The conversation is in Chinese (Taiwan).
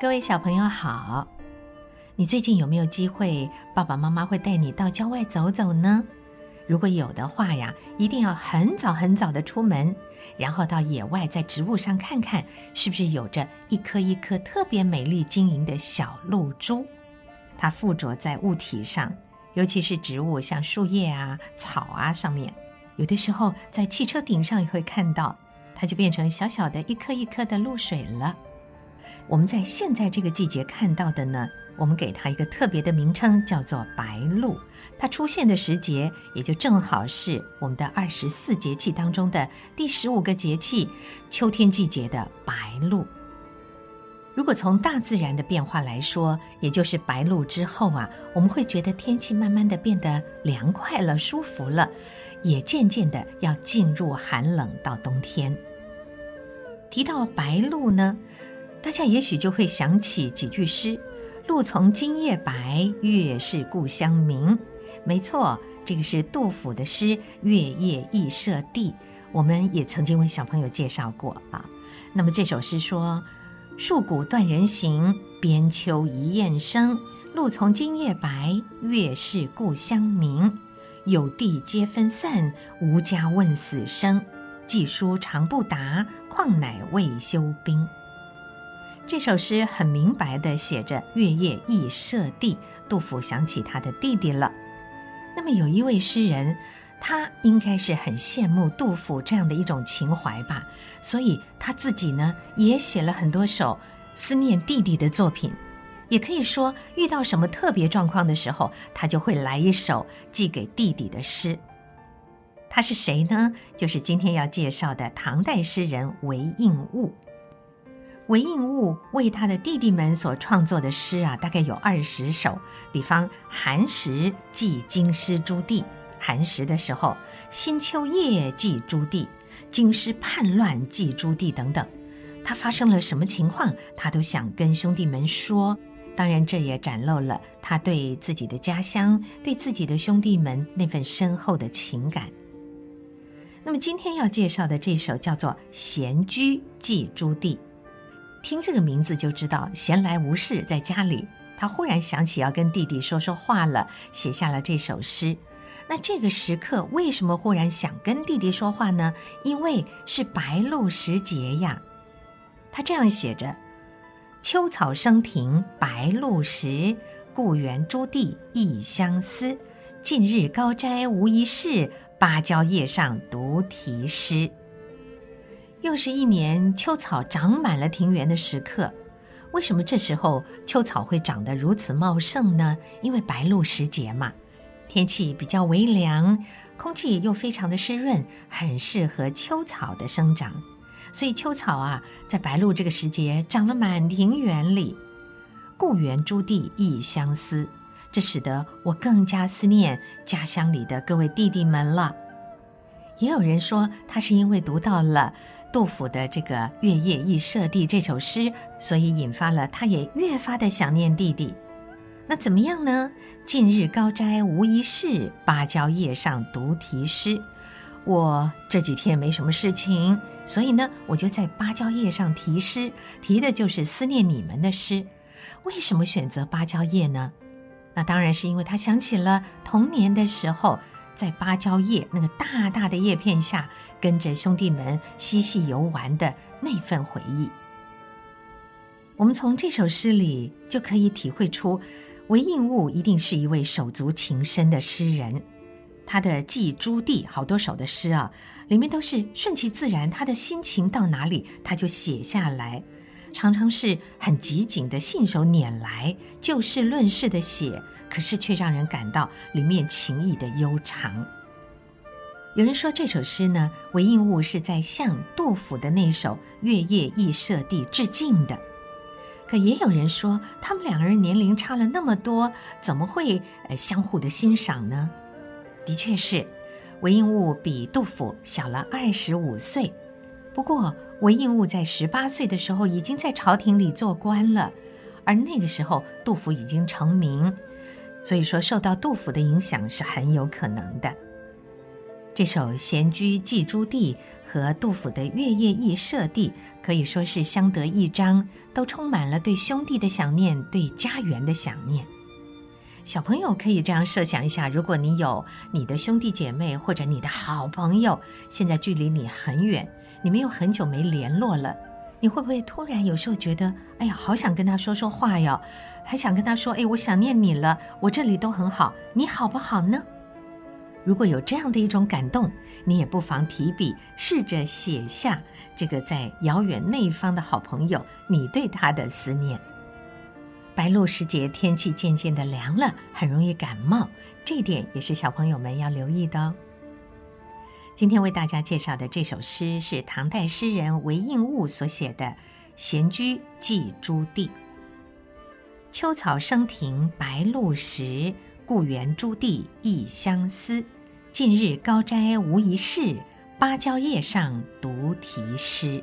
各位小朋友好，你最近有沒有機會爸爸媽媽會帶你到郊外走走呢？如果有的話呀，一定要很早很早的出門，然後到野外在植物上看看，是不是有着一顆一顆特別美麗晶瑩的小露珠？它附着在物體上，尤其是植物，像樹葉啊、草啊上面，有的時候在汽車頂上也會看到，它就變成小小的一顆一顆的露水了。我們在現在這個季節看到的呢，我們給它一個特別的名稱，叫做白露。它出現的時節，也就正好是我們的二十四節氣當中的第十五個節氣，秋天季節的白露。如果從大自然的變化來說，也就是白露之後啊，我們會覺得天氣慢慢的變得涼快了、舒服了，也漸漸的要進入寒冷到冬天。提到白露呢，大家也許就會想起幾句詩：“露從今夜白，月是故鄉明。”沒錯，這個是杜甫的詩《月夜憶舍弟》。我們也曾經為小朋友介紹過啊。那麼這首詩說：“戍鼓斷人行，邊秋一雁聲。露從今夜白，月是故鄉明。有弟皆分散，無家問死生。寄書長不達，況乃未休兵。”這首詩很明白地寫着“月夜憶舍弟”，杜甫想起他的弟弟了。那麼有一位詩人，他應該是很羨慕杜甫這樣的一種情懷吧，所以他自己呢也寫了很多首思念弟弟的作品。也可以說，遇到什麼特別狀況的時候，他就會來一首寄給弟弟的詩。他是誰呢？就是今天要介紹的唐代詩人韋應物。韋應物為他的弟弟們所創作的詩啊，大概有二十首。比方《寒食寄京師諸弟》，寒食的時候，《新秋夜寄諸弟》，京師叛亂寄諸弟》等等。他發生了什麼情況，他都想跟兄弟們說。當然，這也展露了他對自己的家鄉、對自己的兄弟們那份深厚的情感。那麼，今天要介紹的這首叫做《閒居寄諸弟》。聽這個名字就知道，閒來無事，在家裡，他忽然想起要跟弟弟說說話了，寫下了這首詩。那這個時刻為什麼忽然想跟弟弟說話呢？因為是白露時節呀。他這樣寫着：“秋草生庭白露時，故園諸弟益相思。盡日高齋無一事，芭蕉葉上獨題詩。”又是一年秋草長滿了庭園的時刻，為什麼這時候秋草會長得如此茂盛呢？因為白露時節嘛，天氣比較微涼，空氣又非常的濕潤，很適合秋草的生長。所以秋草啊，在白露這個時節長了滿庭園裡。故園諸弟益相思，這使得我更加思念家鄉裡的各位弟弟們了。也有人說，他是因為讀到了。杜甫的這個《月夜憶舍弟》這首詩，所以引發了他也越發的想念弟弟。那怎麼樣呢？盡日高齋無一事，芭蕉葉上獨題詩。我這幾天沒什麼事情，所以呢，我就在芭蕉葉上題詩，題的就是思念你們的詩。為什麼選擇芭蕉葉呢？那當然是因為他想起了童年的時候。在芭蕉葉那個大大的葉片下，跟着兄弟們嬉戲遊玩的那份回憶，我們從這首詩裡就可以體會出，韋應物一定是一位手足情深的詩人。他的寄諸弟好多首的詩啊，裡面都是順其自然，他的心情到哪裡他就寫下來。常常是很即景的信手拈來，就事論事的寫，可是卻讓人感到裡面情意的悠長。有人說這首詩呢，韋應物是在向杜甫的那首《月夜憶舍弟》致敬的，可也有人說他們兩個人年齡差了那麼多，怎麼會呃相互的欣賞呢？的確是，韋應物比杜甫小了二十五歲，不過。韋應物在十八歲的時候已經在朝廷裡做官了，而那個時候杜甫已經成名，所以說受到杜甫的影響是很有可能的。這首《閒居寄諸弟》和杜甫的《月夜憶舍弟》可以說是相得益彰，都充滿了對兄弟的想念、對家園的想念。小朋友可以這樣設想一下：如果你有你的兄弟姐妹或者你的好朋友，現在距離你很遠。你們又很久沒聯絡了，你會不會突然有時候覺得，哎呀，好想跟他說說話呀，還想跟他說，哎，我想念你了，我這裡都很好，你好不好呢？如果有這樣的一種感動，你也不妨提筆試着寫下這個在遙遠那一方的好朋友，你對他的思念。白露時節，天氣漸漸的涼了，很容易感冒，這一點也是小朋友們要留意的哦。今天為大家介紹的這首詩是唐代詩人韋應物所寫的《閒居寄諸弟》。秋草生庭白露時，故園諸弟益相思。盡日高齋無一事，芭蕉葉上獨題詩。